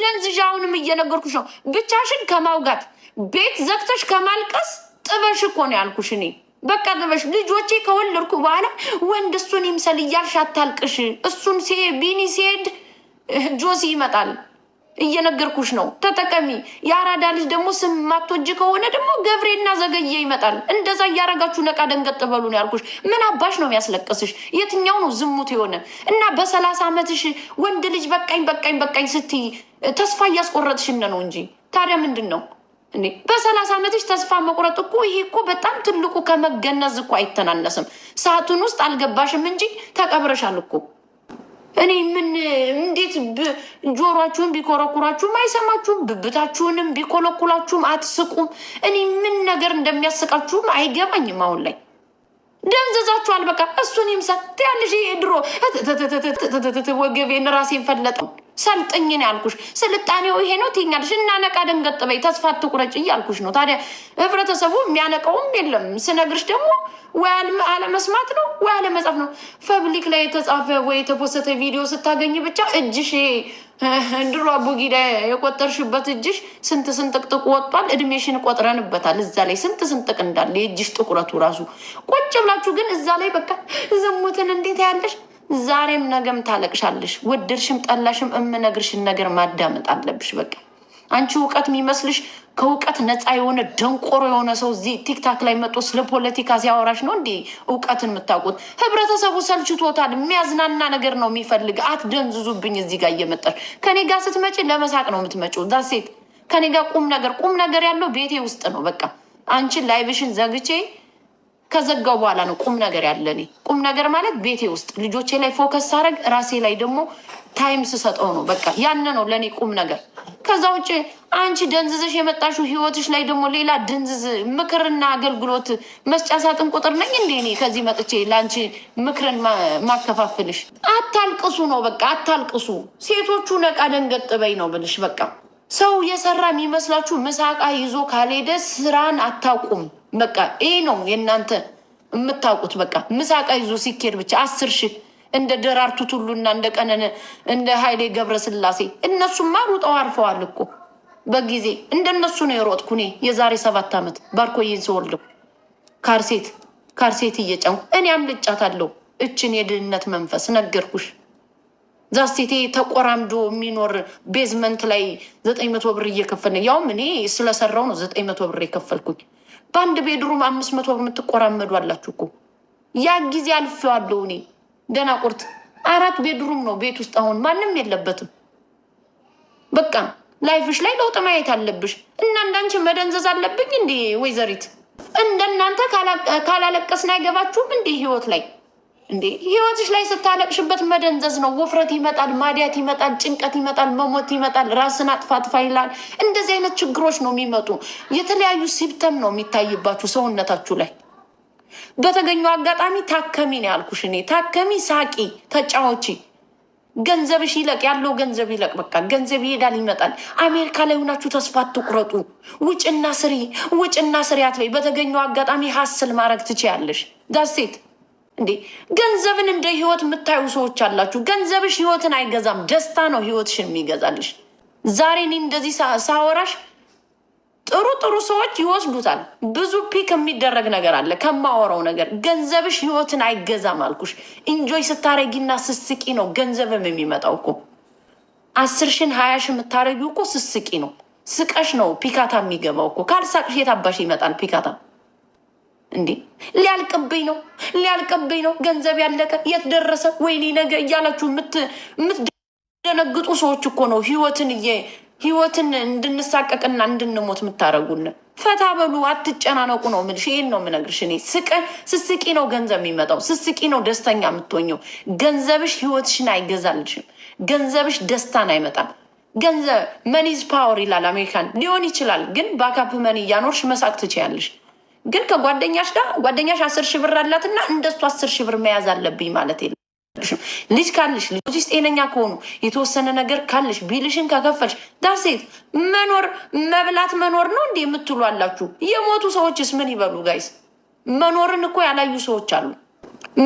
ደንዝዣ አሁንም እየነገርኩሽ ነው። ብቻሽን ከማውጋት ቤት ዘግተሽ ከማልቀስ ጥበሽ እኮ ነው ያልኩሽ እኔ በቃ ጥበሽ። ልጆቼ ከወለድኩ በኋላ ወንድ እሱን ይምሰል እያልሽ አታልቅሽ። እሱን ቢኒ ሲሄድ ጆሲ ይመጣል። እየነገርኩሽ ነው፣ ተጠቀሚ። የአራዳ ልጅ ደግሞ ስም ማቶጅ ከሆነ ደግሞ ገብሬና ዘገየ ይመጣል። እንደዛ እያረጋችሁ ነቃ ደንገጥ በሉ ነው ያልኩሽ። ምን አባሽ ነው የሚያስለቅስሽ? የትኛው ነው ዝሙት የሆነ እና በሰላሳ ዓመትሽ ወንድ ልጅ በቃኝ በቃኝ በቃኝ ስትይ ተስፋ እያስቆረጥሽነ ነው እንጂ ታዲያ ምንድን ነው እንዴ? በሰላሳ ዓመትሽ ተስፋ መቁረጥ እኮ ይሄ እኮ በጣም ትልቁ ከመገነዝ እኮ አይተናነስም። ሰዓቱን ውስጥ አልገባሽም እንጂ ተቀብረሻል እኮ እኔ ምን እንዴት ጆሯችሁን ቢኮረኩራችሁም አይሰማችሁም፣ ብብታችሁንም ቢኮለኩላችሁም አትስቁም። እኔ ምን ነገር እንደሚያስቃችሁም አይገባኝም። አሁን ላይ ደንዘዛችኋል። በቃ እሱን ይምሰል ትያለሽ። ድሮ ወገቤን ራሴን ፈለጠው። ሰምጠኝን ያልኩሽ ስልጣኔው ይሄ ነው ትይኛለሽ። እናነቃ ደንገጥ በይ ተስፋ ትቁረጭ እያልኩሽ ነው። ታዲያ ህብረተሰቡ የሚያነቀውም የለም። ስነግርሽ ደግሞ ወይ አለመስማት ነው ወይ አለመጻፍ ነው። ፐብሊክ ላይ የተጻፈ ወይ የተፖሰተ ቪዲዮ ስታገኝ ብቻ እጅሽ እንድሮ አቡጊዳ የቆጠርሽበት እጅሽ ስንት ጥቁ ወጥቷል። እድሜሽን ቆጥረንበታል። እዛ ላይ ስንት ስንጥቅ እንዳለ የእጅሽ ጥቁረቱ ራሱ ቁጭ ብላችሁ ግን እዛ ላይ በቃ ዝሙትን እንዴት ያለሽ ዛሬም ነገም ታለቅሻለሽ። ወደድሽም ጠላሽም እምነግርሽን ነገር ማዳመጥ አለብሽ። በቃ አንቺ እውቀት የሚመስልሽ ከእውቀት ነፃ የሆነ ደንቆሮ የሆነ ሰው እዚህ ቲክታክ ላይ መጦ ስለ ፖለቲካ ሲያወራሽ ነው እንዴ እውቀትን የምታውቁት? ህብረተሰቡ ሰልችቶታል። የሚያዝናና ነገር ነው የሚፈልግ። አትደንዝዙብኝ። እዚህ ጋር እየመጣሽ ከኔ ጋር ስትመጪ ለመሳቅ ነው የምትመጪው። ዛሴት ከኔ ጋር ቁም ነገር ቁም ነገር ያለው ቤቴ ውስጥ ነው። በቃ አንቺን ላይብሽን ዘግቼ ከዘጋው በኋላ ነው ቁም ነገር ያለ። ቁም ነገር ማለት ቤቴ ውስጥ ልጆቼ ላይ ፎከስ ሳደርግ ራሴ ላይ ደግሞ ታይም ስሰጠው ነው። በቃ ያን ነው ለእኔ ቁም ነገር። ከዛ ውጭ አንቺ ደንዝዝሽ የመጣሽው ህይወትሽ ላይ ደግሞ ሌላ ድንዝዝ ምክርና አገልግሎት መስጫ ሳጥን ቁጥር ነኝ እንዴ? እኔ ከዚህ መጥቼ ለአንቺ ምክርን ማከፋፍልሽ? አታልቅሱ ነው በቃ አታልቅሱ። ሴቶቹ ነቃ ደንገጥበኝ ነው ብልሽ በቃ ሰው የሰራ የሚመስላችሁ ምሳቃ ይዞ ካልሄደ ስራን አታውቁም። በቃ ይህ ነው የእናንተ የምታውቁት። በቃ ምሳቃ ይዞ ሲኬድ ብቻ አስር ሺ እንደ ደራርቱ ቱሉና እንደ ቀነነ እንደ ኃይሌ ገብረስላሴ እነሱማ ሩጠው አርፈዋል እኮ በጊዜ እንደነሱ ነው የሮጥኩ እኔ የዛሬ ሰባት ዓመት ባርኮዬን ስወልደው ካርሴት ካርሴት እየጫው እኔ አምልጫታለሁ። እችን የድህነት መንፈስ ነገርኩሽ። ዛሴቴ ተቆራምዶ የሚኖር ቤዝመንት ላይ ዘጠኝ መቶ ብር እየከፈልን ያውም እኔ ስለሰራው ነው ዘጠኝ መቶ ብር የከፈልኩኝ። በአንድ ቤድሩም አምስት መቶ ብር የምትቆራመዱ አላችሁ እኮ። ያ ጊዜ አልፌዋለሁ እኔ ቁርት አራት ቤድሩም ነው ቤት ውስጥ አሁን ማንም የለበትም። በቃ ላይፍሽ ላይ ለውጥ ማየት አለብሽ። እና እንዳንቺ መደንዘዝ አለብኝ እንዴ ወይዘሪት? እንደናንተ ካላለቀስን አይገባችሁም እንዴ ህይወት ላይ እንዴ ህይወትሽ ላይ ስታለቅሽበት መደንዘዝ ነው። ውፍረት ይመጣል፣ ማዲያት ይመጣል፣ ጭንቀት ይመጣል፣ መሞት ይመጣል፣ ራስን አጥፋ አጥፋ ይላል። እንደዚህ አይነት ችግሮች ነው የሚመጡ። የተለያዩ ሲብተም ነው የሚታይባችሁ ሰውነታችሁ ላይ። በተገኘው አጋጣሚ ታከሚ ነው ያልኩሽ እኔ። ታከሚ፣ ሳቂ፣ ተጫዎቺ፣ ገንዘብሽ ይለቅ፣ ያለው ገንዘብ ይለቅ። በቃ ገንዘብ ይሄዳል ይመጣል። አሜሪካ ላይ ሆናችሁ ተስፋ አትቁረጡ። ውጭና ስሪ፣ ውጭና ስሪ አትበይ። በተገኘው አጋጣሚ ሀስል ማድረግ ትችያለሽ። ዳሴት እንዴ ገንዘብን እንደ ህይወት የምታዩ ሰዎች አላችሁ። ገንዘብሽ ህይወትን አይገዛም። ደስታ ነው ህይወትሽን የሚገዛልሽ። ዛሬ እኔ እንደዚህ ሳወራሽ ጥሩ ጥሩ ሰዎች ይወስዱታል። ብዙ ፒክ የሚደረግ ነገር አለ ከማወራው ነገር። ገንዘብሽ ህይወትን አይገዛም አልኩሽ። ኢንጆይ ስታረጊና ስስቂ ነው ገንዘብም የሚመጣው እኮ። አስርሽን ሀያሽ ሀያ የምታረጊው እኮ ስስቂ ነው። ስቀሽ ነው ፒካታ የሚገባው እኮ። ካልሳቅሽ የታባሽ ይመጣል ፒካታ እንዴ ሊያልቅብኝ ነው ሊያልቅብኝ ነው፣ ገንዘብ ያለቀ የት ደረሰ፣ ወይኔ ነገ እያላችሁ የምትደነግጡ ሰዎች እኮ ነው ህይወትን ህይወትን እንድንሳቀቅና እንድንሞት የምታደርጉልን። ፈታ በሉ አትጨናነቁ ነው የምልሽ። ይሄን ነው የምነግርሽ። እኔ ስቀ ስስቂ ነው ገንዘብ የሚመጣው፣ ስስቂ ነው ደስተኛ የምትሆኘው። ገንዘብሽ ህይወትሽን አይገዛልሽም። ገንዘብሽ ደስታን አይመጣም። ገንዘብ መኒዝ ፓወር ይላል አሜሪካን። ሊሆን ይችላል ግን ባካፕ መኒ እያኖርሽ መሳቅ ትችያለሽ። ግን ከጓደኛሽ ጋር ጓደኛሽ አስር ሺህ ብር አላትና እንደሱ አስር ሺህ ብር መያዝ አለብኝ ማለት የለብሽም። ልጅ ካለሽ ልጆችሽ ጤነኛ ከሆኑ የተወሰነ ነገር ካልሽ ቢልሽን ከከፈልሽ ዳሴት መኖር መብላት መኖር ነው እንዲህ የምትሉ አላችሁ። የሞቱ ሰዎችስ ምን ይበሉ? ጋይስ መኖርን እኮ ያላዩ ሰዎች አሉ።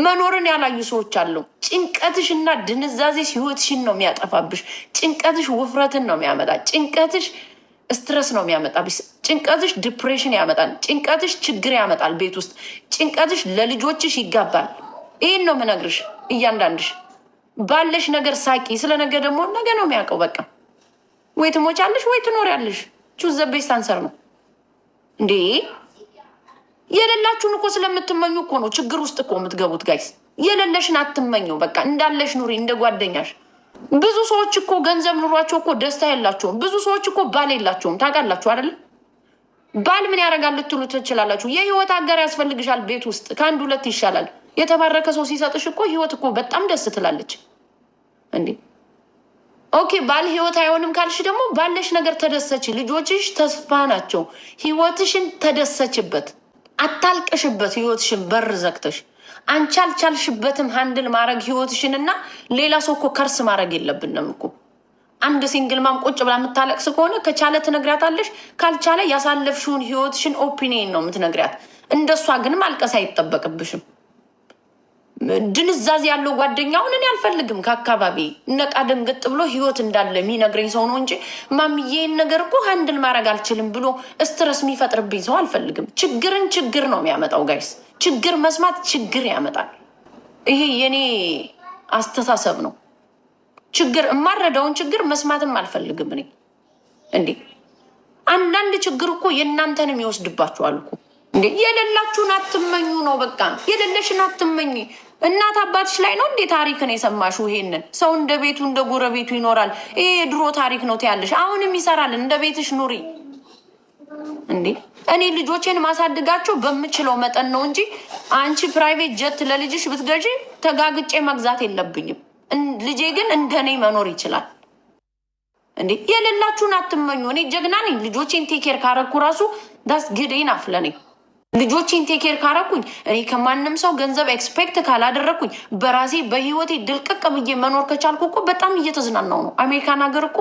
መኖርን ያላዩ ሰዎች አሉ። ጭንቀትሽ እና ድንዛዜ ህይወትሽን ነው የሚያጠፋብሽ። ጭንቀትሽ ውፍረትን ነው የሚያመጣ ጭንቀትሽ ስትረስ ነው የሚያመጣብሽ። ጭንቀትሽ ዲፕሬሽን ያመጣል። ጭንቀትሽ ችግር ያመጣል ቤት ውስጥ። ጭንቀትሽ ለልጆችሽ ይጋባል። ይህን ነው የምነግርሽ። እያንዳንድሽ ባለሽ ነገር ሳቂ። ስለ ነገ ደግሞ ነገ ነው የሚያውቀው። በቃ ወይ ትሞቻለሽ ወይ ትኖሪያለሽ። ቹዝ ዘ ቤስት አንሰር ነው እንዴ። የሌላችሁን እኮ ስለምትመኙ እኮ ነው ችግር ውስጥ እኮ የምትገቡት ጋይስ። የሌለሽን አትመኘው። በቃ እንዳለሽ ኑሪ እንደ ጓደኛሽ ብዙ ሰዎች እኮ ገንዘብ ኑሯቸው እኮ ደስታ የላቸውም። ብዙ ሰዎች እኮ ባል የላቸውም። ታውቃላችሁ አይደለም? ባል ምን ያደርጋል ልትሉ ትችላላችሁ። የህይወት አጋር ያስፈልግሻል። ቤት ውስጥ ከአንድ ሁለት ይሻላል። የተባረከ ሰው ሲሰጥሽ እኮ ህይወት እኮ በጣም ደስ ትላለች። እንዴ ኦኬ፣ ባል ህይወት አይሆንም ካልሽ ደግሞ ባለሽ ነገር ተደሰች። ልጆችሽ ተስፋ ናቸው። ህይወትሽን ተደሰችበት። አታልቅሽበት ህይወትሽን በር ዘግተሽ አንቺ አልቻልሽበትም ሀንድል ማድረግ ህይወትሽን እና ሌላ ሰው እኮ ከርስ ማድረግ የለብንም እኮ አንድ ሲንግል ማም ቁጭ ብላ የምታለቅስ ከሆነ ከቻለ ትነግሪያታለሽ፣ ካልቻለ ያሳለፍሽውን ህይወትሽን ኦፒኒየን ነው የምትነግሪያት። እንደሷ ግን ማልቀስ አይጠበቅብሽም። ድንዛዝ ያለው ጓደኛውን እኔ አልፈልግም። ከአካባቢ ነቃ ደንገጥ ብሎ ህይወት እንዳለ የሚነግረኝ ሰው ነው እንጂ ማምዬን ነገር እኮ ሀንድል ማድረግ አልችልም ብሎ ስትረስ የሚፈጥርብኝ ሰው አልፈልግም። ችግርን ችግር ነው የሚያመጣው። ጋይስ ችግር መስማት ችግር ያመጣል። ይሄ የኔ አስተሳሰብ ነው። ችግር የማረዳውን ችግር መስማትም አልፈልግም እኔ እንዴ አንዳንድ ችግር እኮ የእናንተንም ይወስድባችኋል እኮ። የሌላችሁን አትመኙ ነው በቃ። የሌለሽን አትመኝ። እናት አባትሽ ላይ ነው እንዴ ታሪክን የሰማሽው? ይሄንን ሰው እንደ ቤቱ እንደ ጎረቤቱ ይኖራል። ይሄ ድሮ ታሪክ ነው ትያለሽ። አሁንም ይሰራል። እንደ ቤትሽ ኑሪ እንዴ። እኔ ልጆቼን ማሳድጋቸው በምችለው መጠን ነው እንጂ አንቺ ፕራይቬት ጀት ለልጅሽ ብትገዢ ተጋግጬ መግዛት የለብኝም። ልጄ ግን እንደኔ መኖር ይችላል። እንዴ የሌላችሁን አትመኙ። እኔ ጀግና ነኝ። ልጆቼን ቴኬር ካረኩ ራሱ ዳስ ግዴን አፍለነኝ ልጆችን ቴኬር ካረኩኝ እኔ ከማንም ሰው ገንዘብ ኤክስፔክት ካላደረግኩኝ በራሴ በህይወቴ ድልቅቅ ብዬ መኖር ከቻልኩ እኮ በጣም እየተዝናናው ነው። አሜሪካን ሀገር እኮ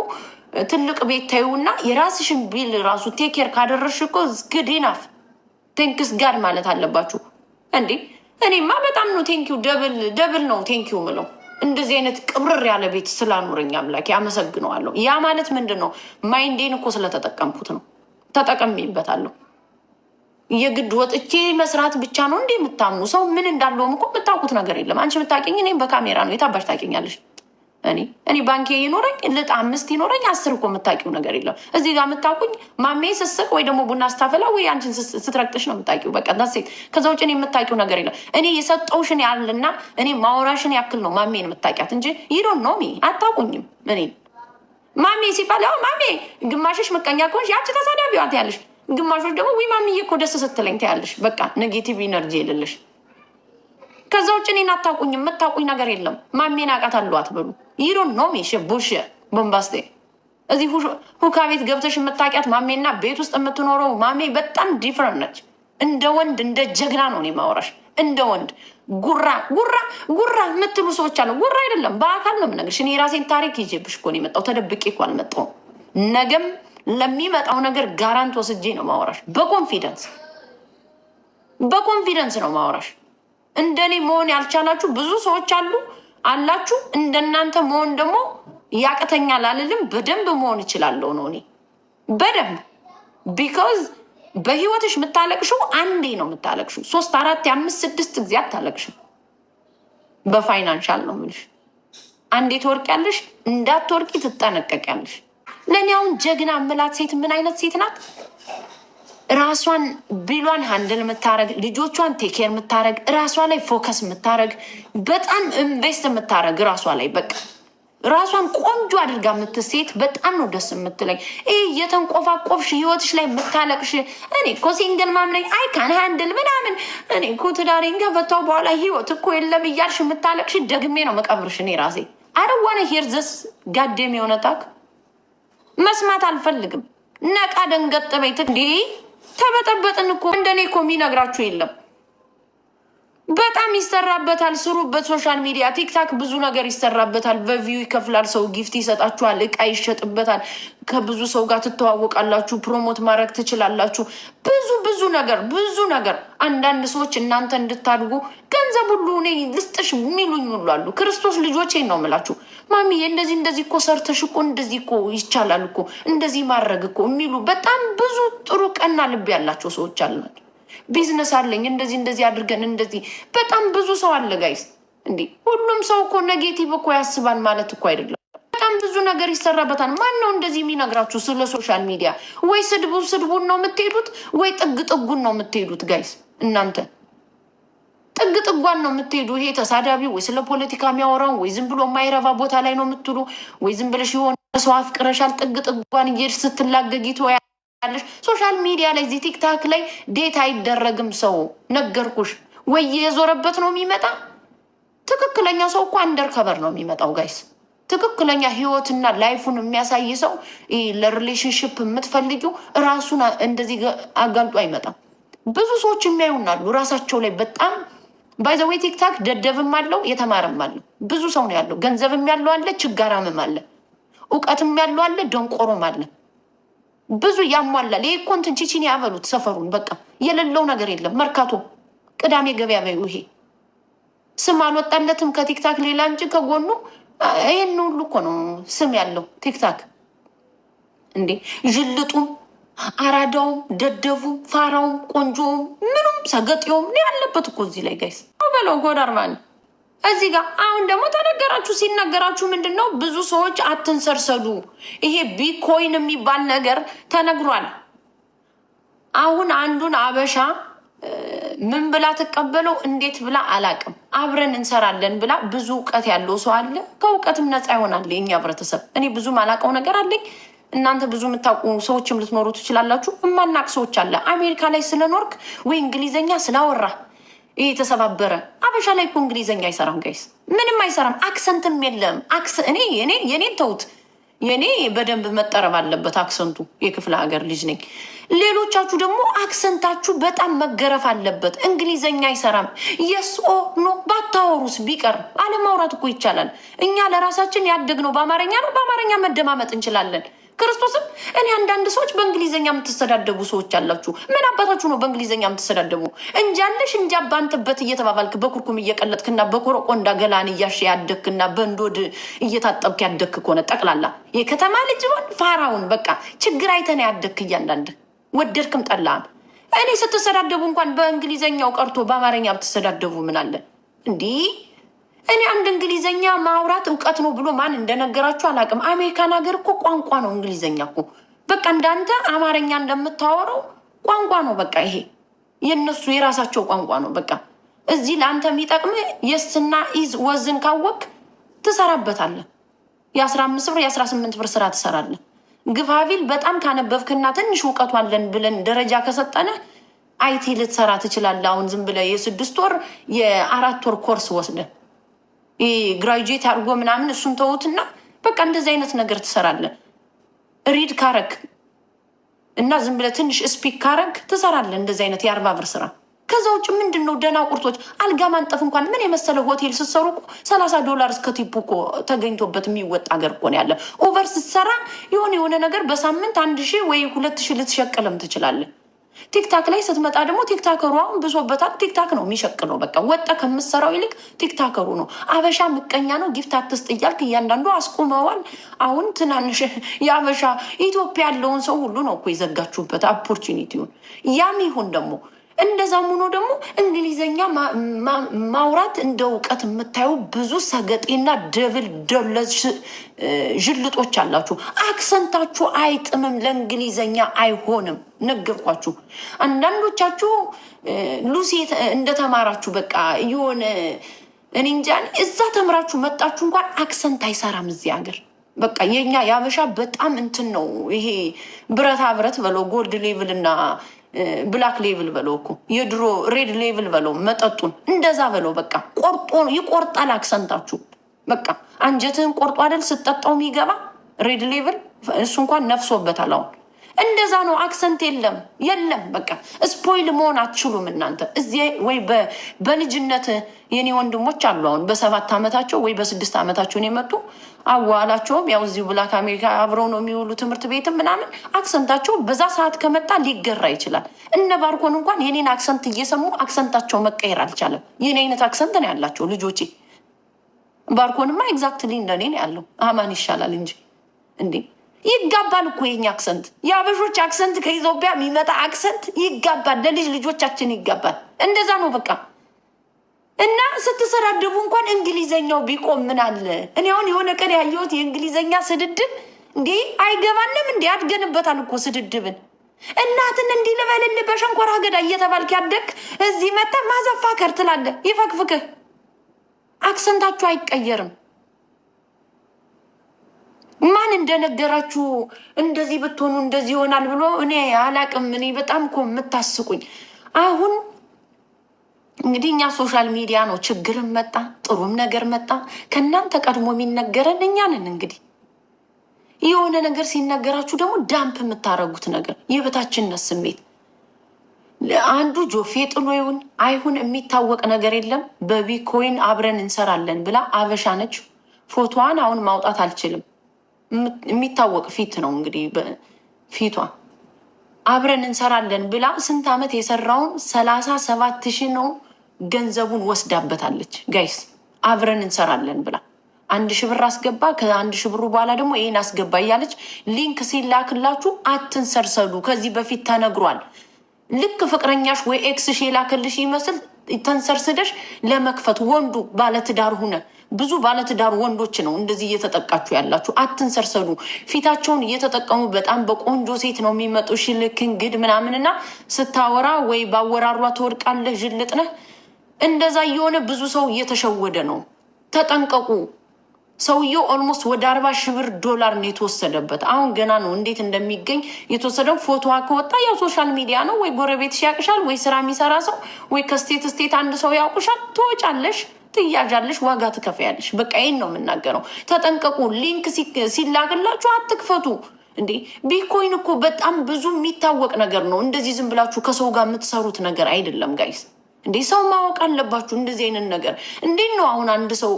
ትልቅ ቤት ታዩና የራስሽን ቢል ራሱ ቴኬር ካደረሽ እኮ ዝግድ ናፍ ቴንክስ ጋድ ማለት አለባችሁ እንዴ። እኔማ በጣም ነው ቴንኪዩ፣ ደብል ደብል ነው ቴንኪው ምለው እንደዚህ አይነት ቅብርር ያለ ቤት ስላኖረኝ አምላኬ አመሰግነዋለሁ። ያ ማለት ምንድን ነው? ማይንዴን እኮ ስለተጠቀምኩት ነው። ተጠቀሚበታለሁ። የግድ ወጥቼ መስራት ብቻ ነው እንዴ የምታምኑ? ሰው ምን እንዳለውም እኮ የምታውቁት ነገር የለም። አንቺ የምታውቂኝ እኔም በካሜራ ነው። የታባሽ ታውቂኛለሽ? እኔ እኔ ባንኬ ይኖረኝ ልጥ አምስት ይኖረኝ አስር እኮ የምታውቂው ነገር የለም። እዚህ ጋር የምታውቁኝ ማሜ ስስቅ ወይ ደግሞ ቡና ስታፈላ ወይ አንቺን ስትረቅጥሽ ነው የምታውቂው። በቃ ሴት ከዛ ውጭ እኔ የምታውቂው ነገር የለም። እኔ የሰጠውሽን ያልና እኔ ማውራሽን ያክል ነው ማሜን የምታውቂያት እንጂ ይዶን ነው አታውቁኝም። እኔ ማሜ ሲባል ማሜ ግማሽሽ ምቀኛ ከሆንሽ ያቺ ተሳዳቢዋት ያለሽ ግማሾች ደግሞ ወይ ማሚዬ እኮ ደስ ስትለኝ ታያለሽ። በቃ ኔጌቲቭ ኢነርጂ የሌለሽ። ከዛ ውጭ እኔን አታውቁኝም፣ የምታውቁኝ ነገር የለም። ማሜን አውቃታለሁ አትበሉ። ይሮ ኖሚ ሽቡሽ ቦምባስቴ እዚህ ሁካ ቤት ገብተሽ የምታውቂያት ማሜና ቤት ውስጥ የምትኖረው ማሜ በጣም ዲፍረንት ነች። እንደ ወንድ እንደ ጀግና ነው እኔ ማውራሽ። እንደ ወንድ ጉራ ጉራ ጉራ የምትሉ ሰዎች አለ። ጉራ አይደለም፣ በአካል ነው የምነግርሽ። እኔ የራሴን ታሪክ ይዤብሽ እኮ ነው የመጣው። ተደብቄ እኮ አልመጣሁም። ነገም ለሚመጣው ነገር ጋራንት ወስጄ ነው ማውራሽ። በኮንፊደንስ በኮንፊደንስ ነው ማውራሽ። እንደኔ መሆን ያልቻላችሁ ብዙ ሰዎች አሉ አላችሁ። እንደናንተ መሆን ደግሞ ያቅተኛል አልልም። በደንብ መሆን እችላለሁ ነው እኔ በደንብ ቢኮዝ በህይወትሽ የምታለቅሽው አንዴ ነው የምታለቅሽው። ሶስት አራት የአምስት ስድስት ጊዜ አታለቅሽም። በፋይናንሻል ነው የምልሽ። አንዴ ትወርቂያለሽ፣ እንዳትወርቂ ትጠነቀቂያለሽ። ለእኔ አሁን ጀግና ምላት ሴት ምን አይነት ሴት ናት? ራሷን ቢሏን ሀንድል የምታረግ ልጆቿን ቴኬር የምታረግ ራሷ ላይ ፎከስ የምታረግ በጣም ኢንቨስት የምታረግ ራሷ ላይ በቃ ራሷን ቆንጆ አድርጋ የምትሴት በጣም ነው ደስ የምትለኝ። ይህ እየተንቆፋቆፍሽ ህይወትሽ ላይ የምታለቅሽ እኔ እኮ ሲንግል ማም አይካን ሃንድል ምናምን እኔ እኮ ትዳሬን ከፈታው በኋላ ህይወት እኮ የለም እያልሽ የምታለቅሽ ደግሜ ነው መቀብርሽ። እኔ ራሴ አረዋነ ሄርዘስ ጋደም የሆነ ታክ መስማት አልፈልግም። ነቃ ደንገጥ በይት እንዲህ ተበጠበጥን እኮ እንደኔ እኮ የሚነግራችሁ የለም። በጣም ይሰራበታል። ስሩበት። ሶሻል ሚዲያ ቲክታክ ብዙ ነገር ይሰራበታል። በቪው ይከፍላል። ሰው ጊፍት ይሰጣችኋል። እቃ ይሸጥበታል። ከብዙ ሰው ጋር ትተዋወቃላችሁ። ፕሮሞት ማድረግ ትችላላችሁ። ብዙ ብዙ ነገር ብዙ ነገር። አንዳንድ ሰዎች እናንተ እንድታድጉ ገንዘብ ሁሉ እኔ ልስጥሽ የሚሉኝ ሁሉ አሉ። ክርስቶስ ልጆቼ ነው ምላችሁ ማሚዬ፣ እንደዚህ እንደዚህ እኮ ሰርተሽ እኮ እንደዚህ እኮ ይቻላል እኮ እንደዚህ ማድረግ እኮ የሚሉ በጣም ብዙ ጥሩ ቀና ልብ ያላቸው ሰዎች አሉ። ቢዝነስ አለኝ እንደዚህ እንደዚህ አድርገን እንደዚህ በጣም ብዙ ሰው አለ ጋይስ። እንዲ ሁሉም ሰው እኮ ነጌቲቭ እኮ ያስባል ማለት እኮ አይደለም። በጣም ብዙ ነገር ይሰራበታል። ማን ነው እንደዚህ የሚነግራችሁ ስለ ሶሻል ሚዲያ? ወይ ስድቡ ስድቡን ነው የምትሄዱት፣ ወይ ጥግ ጥጉን ነው የምትሄዱት ጋይስ። እናንተ ጥግ ጥጓን ነው የምትሄዱ። ይሄ ተሳዳቢ ወይ ስለ ፖለቲካ የሚያወራው ወይ ዝም ብሎ የማይረባ ቦታ ላይ ነው የምትሉ ወይ ዝም ብለሽ የሆነ ሰው አፍቅረሻል ጥግ ጥጓን እየሄድሽ ስትላገጊት ያለሽ ሶሻል ሚዲያ ላይ እዚህ ቲክታክ ላይ ዴት አይደረግም። ሰው ነገርኩሽ ወይ የዞረበት ነው የሚመጣ። ትክክለኛ ሰው እኮ ከበር ነው የሚመጣው ጋይስ። ትክክለኛ ህይወትና ላይፉን የሚያሳይ ሰው ለሪሌሽንሽፕ የምትፈልጊው ራሱን እንደዚህ አጋልጦ አይመጣም። ብዙ ሰዎች የሚያዩናሉ ራሳቸው ላይ በጣም ባይዘዌ ቲክታክ ደደብም አለው የተማረም አለው። ብዙ ሰው ነው ያለው። ገንዘብም ያለው አለ፣ ችጋራምም አለ፣ እውቀትም ያለው አለ፣ ደንቆሮም አለን። ብዙ ያሟላል። ይህ እኮ እንትን ቺቺን ያበሉት ሰፈሩን በቃ የሌለው ነገር የለም። መርካቶ ቅዳሜ ገበያ በይው። ይሄ ስም አልወጣለትም ከቲክታክ ሌላ እንጂ ከጎኑ ይህን ሁሉ እኮ ነው ስም ያለው ቲክታክ እንዴ ዥልጡም አራዳውም ደደቡም ፋራውም ቆንጆውም ምኑም ሰገጤውም ያለበት እኮ እዚህ ላይ ጋይስ በለው ጎዳር እዚህ ጋር አሁን ደግሞ ተነገራችሁ። ሲነገራችሁ ምንድን ነው ብዙ ሰዎች አትንሰርሰዱ፣ ይሄ ቢትኮይን የሚባል ነገር ተነግሯል። አሁን አንዱን አበሻ ምን ብላ ትቀበለው እንዴት ብላ አላቅም። አብረን እንሰራለን ብላ ብዙ እውቀት ያለው ሰው አለ። ከእውቀትም ነፃ ይሆናል የኛ ህብረተሰብ። እኔ ብዙ ማላቀው ነገር አለኝ። እናንተ ብዙ የምታውቁ ሰዎችም ልትኖሩ ትችላላችሁ። እማናቅ ሰዎች አለ። አሜሪካ ላይ ስለኖርክ ወይ እንግሊዘኛ ስላወራ የተሰባበረ አበሻ ላይ እኮ እንግሊዘኛ አይሰራም ጋይስ፣ ምንም አይሰራም። አክሰንትም የለም። እኔ የኔን ተውት፣ የኔ በደንብ መጠረብ አለበት አክሰንቱ። የክፍለ ሀገር ልጅ ነኝ። ሌሎቻችሁ ደግሞ አክሰንታችሁ በጣም መገረፍ አለበት። እንግሊዘኛ አይሰራም። የስ ኦ ኖ ባታወሩስ ቢቀር አለማውራት እኮ ይቻላል። እኛ ለራሳችን ያደግነው በአማርኛ ነው። በአማርኛ መደማመጥ እንችላለን። ክርስቶስም እኔ አንዳንድ ሰዎች በእንግሊዝኛ የምትሰዳደቡ ሰዎች አላችሁ። ምን አባታችሁ ነው በእንግሊዝኛ የምትሰዳደቡ? እንጃለሽ እንጃ ባንትበት እየተባባልክ በኩርኩም እየቀለጥክና በኮረቆንዳ ገላን እያሽ ያደክና በእንዶድ እየታጠብክ ያደክ ከሆነ ጠቅላላ የከተማ ልጅ ሆን ፋራውን በቃ ችግር አይተን ያደክ እያንዳንድ ወደድክም ጠላም እኔ ስትሰዳደቡ እንኳን በእንግሊዝኛው ቀርቶ በአማርኛ ብትሰዳደቡ ምን አለን እንዲህ እኔ አንድ እንግሊዘኛ ማውራት እውቀት ነው ብሎ ማን እንደነገራችሁ አላውቅም። አሜሪካን ሀገር እኮ ቋንቋ ነው እንግሊዘኛ እኮ በቃ እንዳንተ አማርኛ እንደምታወረው ቋንቋ ነው። በቃ ይሄ የእነሱ የራሳቸው ቋንቋ ነው። በቃ እዚህ ለአንተ የሚጠቅም የስና ኢዝ ወዝን ካወቅ ትሰራበታለህ። የአስራ አምስት ብር የአስራ ስምንት ብር ስራ ትሰራለህ። ግፋቢል በጣም ካነበብክና ትንሽ እውቀቱ አለን ብለን ደረጃ ከሰጠነ አይቲ ልትሰራ ትችላለህ። አሁን ዝም ብለህ የስድስት ወር የአራት ወር ኮርስ ወስደህ ግራጁዌት አድርጎ ምናምን እሱን ተውትና በቃ እንደዚህ አይነት ነገር ትሰራለን። ሪድ ካረግ እና ዝም ብለህ ትንሽ ስፒክ ካረግ ትሰራለን እንደዚህ አይነት የአርባ ብር ስራ። ከዛ ውጭ ምንድን ነው ደና ቁርቶች አልጋ ማንጠፍ እንኳን ምን የመሰለ ሆቴል ስትሰሩ እኮ ሰላሳ ዶላር እስከ ቲፑ እኮ ተገኝቶበት የሚወጣ ሀገር እኮ ነው ያለ። ኦቨር ስትሰራ የሆነ የሆነ ነገር በሳምንት አንድ ሺህ ወይ ሁለት ሺህ ልትሸቀለም ትችላለን። ቲክታክ ላይ ስትመጣ ደግሞ ቲክታከሩ አሁን ብሶበታል። ቲክታክ ነው የሚሸቅ ነው በቃ ወጣ ከምሰራው ይልቅ ቲክታከሩ ነው። አበሻ ምቀኛ ነው። ጊፍት አትስጥ እያልክ እያንዳንዱ አስቁመዋል። አሁን ትናንሽ የአበሻ ኢትዮጵያ ያለውን ሰው ሁሉ ነው እኮ የዘጋችሁበት ኦፖርቹኒቲውን ያም ይሁን ደግሞ እንደዛም ሆኖ ደግሞ እንግሊዘኛ ማውራት እንደ እውቀት የምታዩ ብዙ ሰገጤና ደብል ደለዝ ዥልጦች አላችሁ። አክሰንታችሁ አይጥምም፣ ለእንግሊዘኛ አይሆንም። ነገርኳችሁ። አንዳንዶቻችሁ ሉሲ እንደተማራችሁ በቃ የሆነ እኔ እንጃ እዛ ተምራችሁ መጣችሁ እንኳን አክሰንት አይሰራም እዚህ ሀገር። በቃ የኛ የአበሻ በጣም እንትን ነው ይሄ ብረታ ብረት በለው ጎልድ ሌቭል እና ብላክ ሌቭል በለው እኮ የድሮ ሬድ ሌቭል በለው መጠጡን እንደዛ በለው። በቃ ቆርጦ ይቆርጣል። አክሰንታችሁ በቃ አንጀትህን ቆርጦ አይደል ስጠጣው የሚገባ ሬድ ሌቭል። እሱ እንኳን ነፍሶበታል አሁን እንደዛ ነው። አክሰንት የለም የለም። በቃ ስፖይል መሆን አትችሉም እናንተ እዚህ ወይ በልጅነት የኔ ወንድሞች አሉ አሁን በሰባት ዓመታቸው ወይ በስድስት ዓመታቸውን የመጡ አዋላቸውም ያው እዚሁ ብላክ አሜሪካ አብረው ነው የሚውሉ ትምህርት ቤትም ምናምን አክሰንታቸው በዛ ሰዓት ከመጣ ሊገራ ይችላል። እነ ባርኮን እንኳን የኔን አክሰንት እየሰሙ አክሰንታቸው መቀየር አልቻለም። የኔ አይነት አክሰንት ነው ያላቸው ልጆቼ። ባርኮንማ ኤግዛክትሊ እንደኔ ነው ያለው። አማን ይሻላል እንጂ እንዴ ይጋባል እኮ የኛ አክሰንት የአበሾች አክሰንት ከኢትዮጵያ የሚመጣ አክሰንት ይጋባል። ለልጅ ልጆቻችን ይጋባል። እንደዛ ነው በቃ። እና ስትሰዳደቡ እንኳን እንግሊዘኛው ቢቆም ምን አለ? እኔ አሁን የሆነ ቀን ያየሁት የእንግሊዘኛ ስድድብ እንዴ አይገባንም እንዴ? አድገንበታል እኮ ስድድብን። እናትን እንዲህ በሸንኮራ አገዳ እየተባልክ ያደግ እዚህ መጥተህ ማዘፋከር ትላለህ። ይፈክፍክህ። አክሰንታችሁ አይቀየርም። ማን እንደነገራችሁ እንደዚህ ብትሆኑ እንደዚህ ይሆናል ብሎ እኔ አላቅም። እኔ በጣም እኮ የምታስቁኝ አሁን እንግዲህ እኛ ሶሻል ሚዲያ ነው። ችግርም መጣ ጥሩም ነገር መጣ፣ ከእናንተ ቀድሞ የሚነገረን እኛንን እንግዲህ የሆነ ነገር ሲነገራችሁ ደግሞ ዳምፕ የምታረጉት ነገር የበታችነት ስሜት አንዱ ጆፌ ጥሎ ይሁን አይሁን የሚታወቅ ነገር የለም። በቢኮይን አብረን እንሰራለን ብላ አበሻ ነች። ፎቶዋን አሁን ማውጣት አልችልም የሚታወቅ ፊት ነው እንግዲህ ፊቷ አብረን እንሰራለን ብላ ስንት ዓመት የሰራውን ሰላሳ ሰባት ሺህ ነው ገንዘቡን ወስዳበታለች። ጋይስ አብረን እንሰራለን ብላ አንድ ሺህ ብር አስገባ፣ ከአንድ ሺህ ብሩ በኋላ ደግሞ ይህን አስገባ እያለች ሊንክ ሲላክላችሁ አትንሰርሰዱ። ከዚህ በፊት ተነግሯል። ልክ ፍቅረኛሽ ወይ ኤክስሽ የላከልሽ ይመስል ተንሰርስደሽ ለመክፈት ወንዱ ባለትዳር ሁነ ብዙ ባለትዳር ወንዶች ነው እንደዚህ እየተጠቃችሁ ያላችሁ። አትንሰርሰዱ። ፊታቸውን እየተጠቀሙ በጣም በቆንጆ ሴት ነው የሚመጡ ሽልክን ግድ ምናምንና ስታወራ ወይ ባወራሯ ትወድቃለህ፣ ዥልጥ ነህ። እንደዛ እየሆነ ብዙ ሰው እየተሸወደ ነው። ተጠንቀቁ። ሰውየው ኦልሞስት ወደ አርባ ሺህ ብር ዶላር ነው የተወሰደበት። አሁን ገና ነው እንዴት እንደሚገኝ የተወሰደው። ፎቶዋ ከወጣ ያው ሶሻል ሚዲያ ነው። ወይ ጎረቤትሽ ያውቅሻል፣ ወይ ስራ የሚሰራ ሰው፣ ወይ ከስቴት ስቴት አንድ ሰው ያውቁሻል። ትወጫለሽ። ትያዣለሽ፣ ዋጋ ትከፍያለሽ። በቃ ይህን ነው የምናገረው። ተጠንቀቁ። ሊንክ ሲላክላችሁ አትክፈቱ። እንዴ ቢትኮይን እኮ በጣም ብዙ የሚታወቅ ነገር ነው። እንደዚህ ዝም ብላችሁ ከሰው ጋር የምትሰሩት ነገር አይደለም ጋይስ። እንዴ ሰው ማወቅ አለባችሁ እንደዚህ አይነት ነገር። እንዴት ነው አሁን አንድ ሰው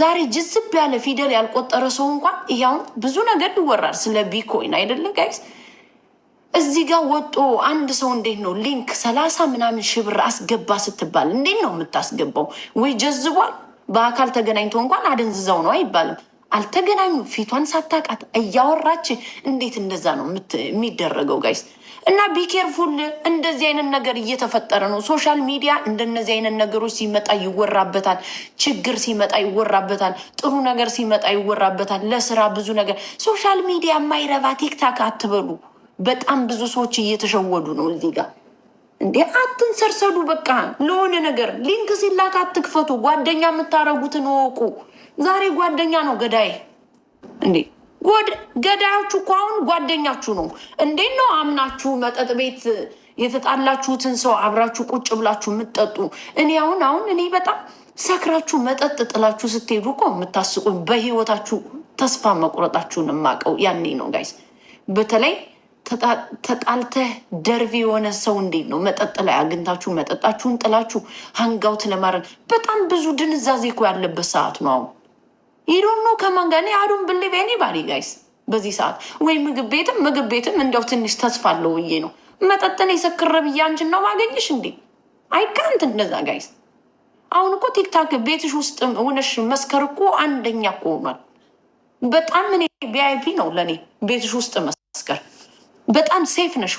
ዛሬ ጅዝብ ያለ ፊደል ያልቆጠረ ሰው እንኳን ይሄ አሁን ብዙ ነገር ይወራል ስለ ቢትኮይን አይደለም ጋይስ እዚህ ጋር ወጦ አንድ ሰው እንዴት ነው ሊንክ ሰላሳ ምናምን ሺህ ብር አስገባ ስትባል እንዴት ነው የምታስገባው? ወይ ጀዝቧል። በአካል ተገናኝቶ እንኳን አደንዝዘው ነው አይባልም። አልተገናኙ ፊቷን ሳታቃት እያወራች እንዴት እንደዛ ነው የሚደረገው? ጋይስ እና ቢኬርፉል እንደዚህ አይነት ነገር እየተፈጠረ ነው። ሶሻል ሚዲያ እንደነዚህ አይነት ነገሮች ሲመጣ ይወራበታል። ችግር ሲመጣ ይወራበታል። ጥሩ ነገር ሲመጣ ይወራበታል። ለስራ ብዙ ነገር ሶሻል ሚዲያ የማይረባ ቲክታክ አትበሉ። በጣም ብዙ ሰዎች እየተሸወዱ ነው። እዚህ ጋር እንዴ አትንሰርሰዱ። በቃ ለሆነ ነገር ሊንክ ሲላክ አትክፈቱ። ጓደኛ የምታረጉትን ወቁ። ዛሬ ጓደኛ ነው ገዳይ እንዴ ገዳያችሁ እኮ አሁን ጓደኛችሁ ነው። እንዴት ነው አምናችሁ መጠጥ ቤት የተጣላችሁትን ሰው አብራችሁ ቁጭ ብላችሁ የምትጠጡ? እኔ አሁን አሁን እኔ በጣም ሰክራችሁ መጠጥ ጥላችሁ ስትሄዱ እኮ የምታስቁኝ በህይወታችሁ ተስፋ መቁረጣችሁን የማውቀው ያኔ ነው ጋይስ በተለይ ተጣልተህ ደርቢ የሆነ ሰው እንዴት ነው መጠጥ ላይ አግኝታችሁ መጠጣችሁን ጥላችሁ ሀንጋውት ለማድረግ በጣም ብዙ ድንዛዜ እኮ ያለበት ሰዓት ነው አሁን። ይዶን ነው ከማን ጋር እኔ አዶን ብሌቭ ኤኒ ባዲ ጋይስ በዚህ ሰዓት ወይ ምግብ ቤትም ምግብ ቤትም እንደው ትንሽ ተስፋ አለው ብዬ ነው መጠጥን የሰክረ ብዬ አንችን ነው ማገኝሽ እንዴ? አይካንት እንደዛ ጋይስ። አሁን እኮ ቲክታክ ቤትሽ ውስጥ ሆነሽ መስከር እኮ አንደኛ እኮ ሆኗል። በጣም እኔ ቪአይፒ ነው ለእኔ ቤትሽ ውስጥ መስከር በጣም ሴፍ ነሽ